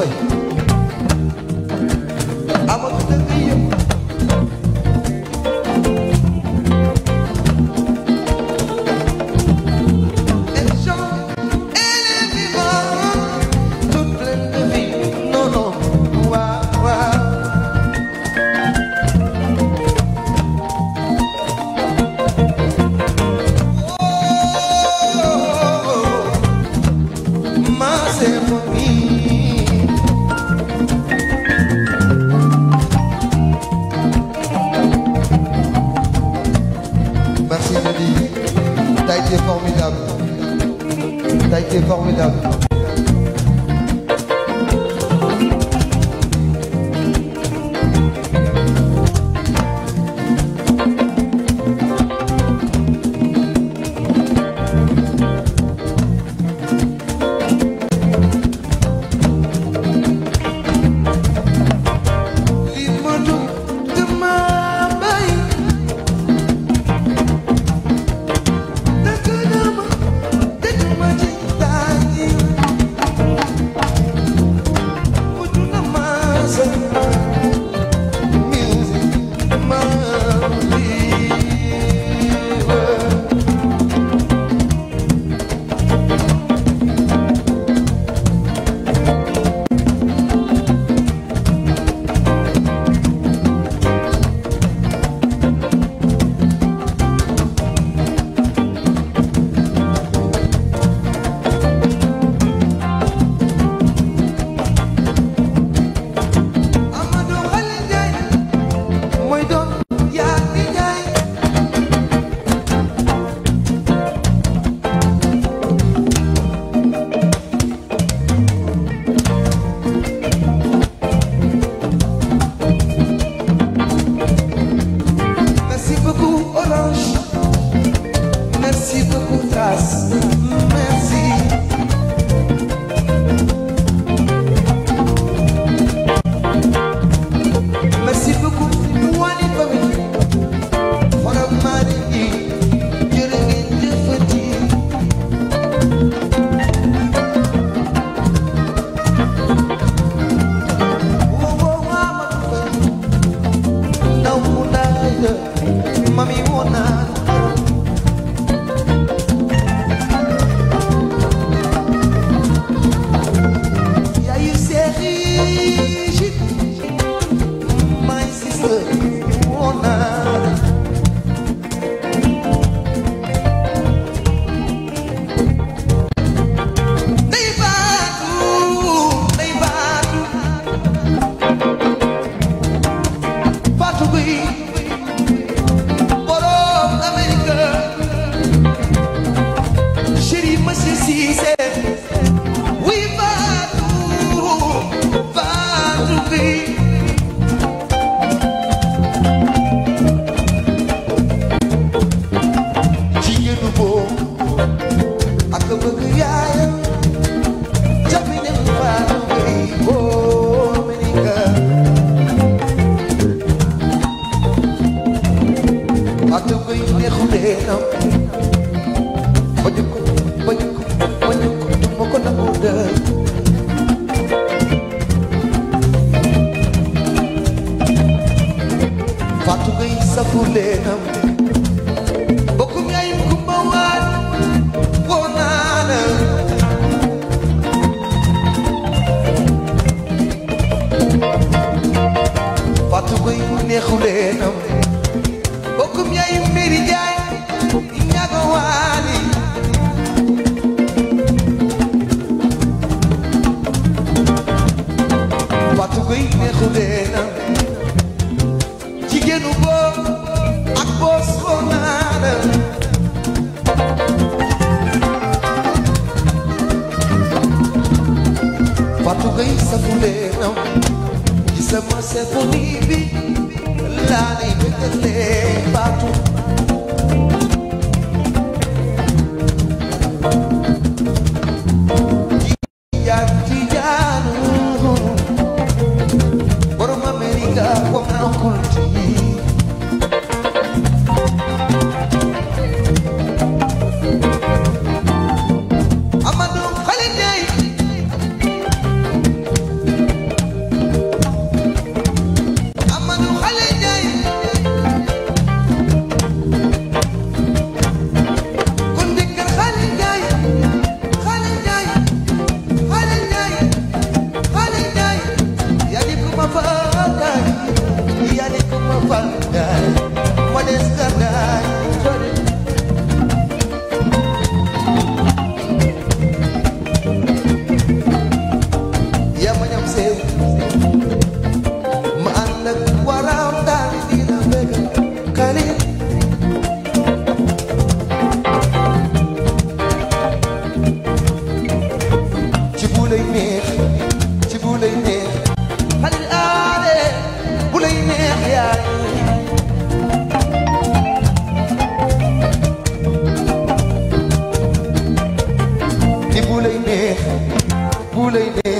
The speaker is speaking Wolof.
Havaí. qui est formidable. Taille qui est formidable. faatu ngay sabu leenam bokkum yaay kumba waat woo naana faatu ngay neexu leenam Você é comigo, lá nem me bato. bu lay dee